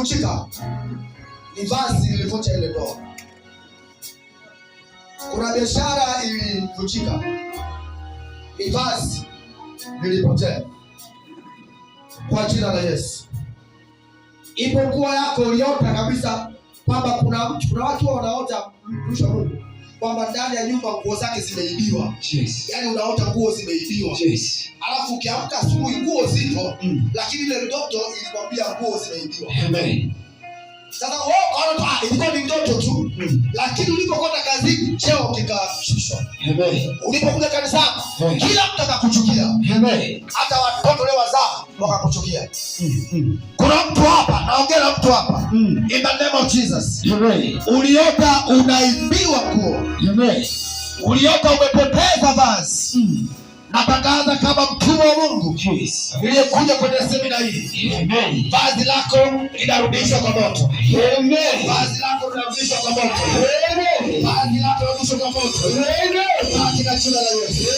ilivunjika ni vazi lilivunja ile ndoa. Kuna biashara ilivunjika, ni vazi lilipotea. Kwa jina la Yesu, ipo nguo yako uliota kabisa kwamba kuna kuna watu wanaota mtumishi wa Mungu kwamba ndani ya nyumba nguo zake zimeibiwa. Yes. Yaani unaota nguo zimeibiwa. Yes. Alafu ukiamka asubuhi nguo zipo, mm. lakini ile ndoto ilikwambia nguo zimeibiwa. Amen. Sasa wewe ah, ilikuwa ni ndoto tu. Mm. Lakini ulipokwenda kazini cheo kikashushwa. Amen. Ulipokuja kanisani kila mtu akakuchukia. Amen. Hata watoto leo wakakuchukia. Mm, mm, Kuna mtu hapa, naongea na mtu hapa mm. In the name of Jesus, uliota unaibiwa kuo, uliota umepoteza vazi mm. Natangaza kama mtumwa wa Mungu niliyekuja kwenye semina hii, vazi lako linarudishwa kwa moto, vazi lako linarudishwa kwa moto, vazi lako linarudishwa kwa moto katika jina la Yesu.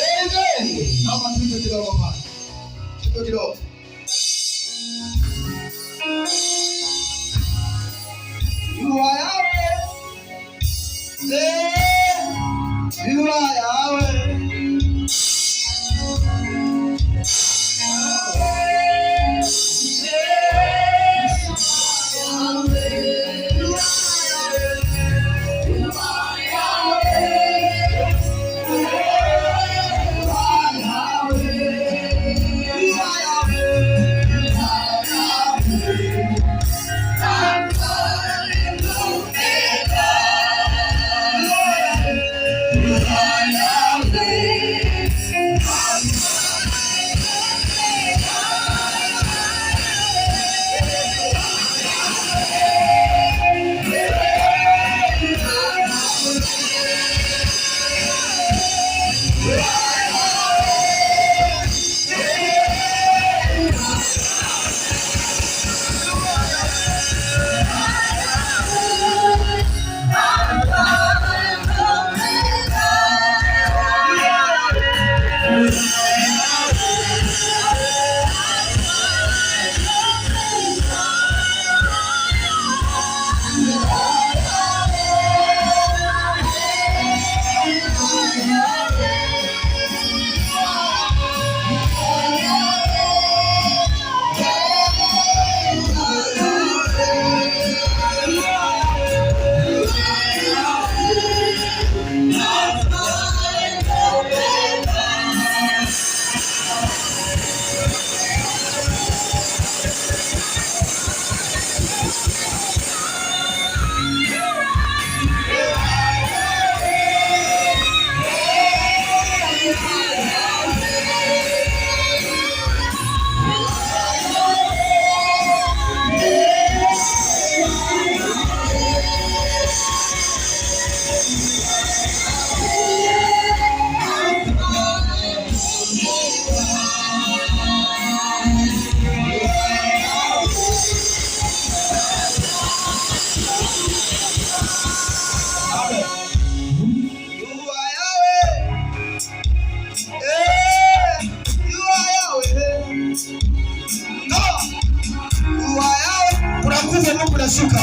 Tukufu Mungu nashuka.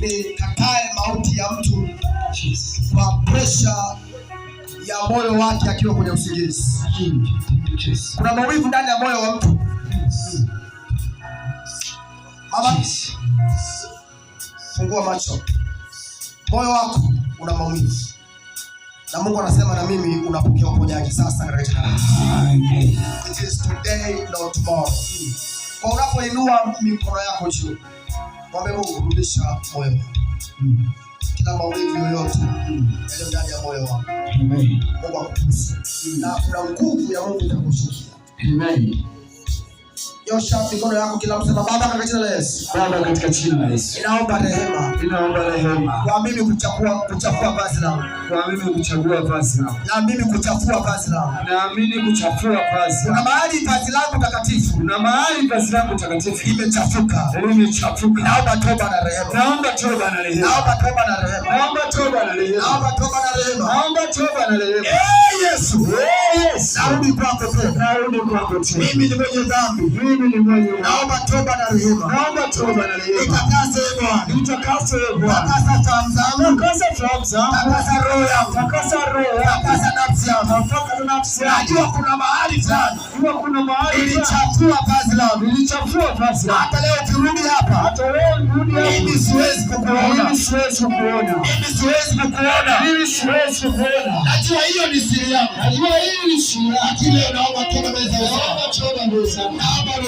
nikatae mauti ya mtu kwa presha ya moyo wake akiwa kwenye usingizi. Kuna maumivu ndani ya moyo wa mtu mama, fungua macho. Moyo wako una maumivu na Mungu anasema na mimi unapokea uponyaji sasa katika jina la Yesu. It is today not tomorrow. Kwa unapoinua mikono yako juu Mwambie Mungu rudisha moyo wangu. Mm. Kila maumivu yoyote mm. yaliyo ndani ya moyo wangu. Amen. Mungu akutunze. Mm. Na kuna nguvu ya Mungu itakushukia. Amen. Nyosha mikono yako kila mtu Baba katika jina la Yesu. Baba katika jina la Yesu. Ninaomba rehema. Ninaomba rehema. Kwa mimi kuchafua kuchafua vazi langu. Kwa mimi kuchafua vazi langu. Na mimi kuchafua vazi langu. Na kuchafua vazi. Na mahali vazi langu takatifu. Na mahali vazi langu takatifu limechafuka. Limechafuka. Naomba toba na rehema. Naomba toba na rehema. Naomba toba na rehema. Naomba toba na rehema. Naomba toba na rehema. Naomba toba na rehema. Eh Yesu. Eh Yesu. Narudi kwako tena. Narudi kwako tena. Mimi ni mwenye dhambi. Naomba toba na rehema. Naomba toba na rehema. Nitakase ee Bwana. Nitakase ee Bwana. Takasa fahamu zangu. Takasa fahamu zangu. Takasa roho yangu. Takasa roho. Takasa nafsi yangu. Takasa nafsi yangu. Najua kuna mahali fulani. Najua kuna mahali fulani. Nilichafua vazi langu. Nilichafua vazi langu. Hata leo kirudi hapa. Hata leo kirudi hapa. Mimi siwezi kukuona. Mimi siwezi kukuona. Mimi siwezi kukuona. Mimi siwezi kukuona. Najua hiyo ni siri yangu. Najua hiyo ni siri yangu. Lakini leo naomba toba mbele za Bwana. Naomba toba mbele za Bwana. Naomba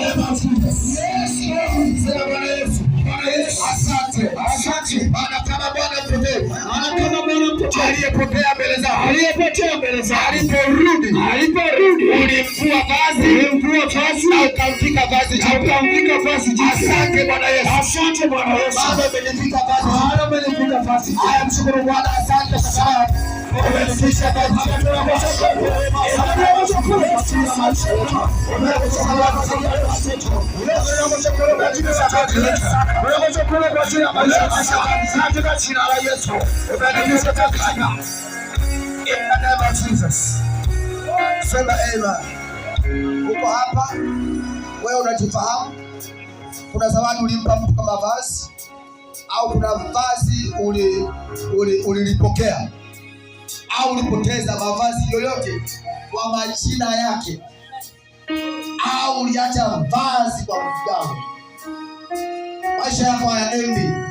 name aliyepotea mbele zao, aliporudi, ulimvua vazi, na ukamvika kiasi cha kuanguka fasi jinsi. Asante Bwana Yesu, asante Bwana Yesu, bado umenifika fasi, bado umenifika fasi. Haya, mshukuru Bwana, asante sana. Katika jina la Yesu, umenifika katika In the name of Jesus. Sema amen. Uko hapa wewe unajifahamu. Kuna zawadi ulimpa mtu kama vazi, au kuna vazi ulilipokea uli, uli au ulipoteza mavazi yoyote kwa majina yake, au uliacha vazi kwa mfugano. Maisha yako hayaendi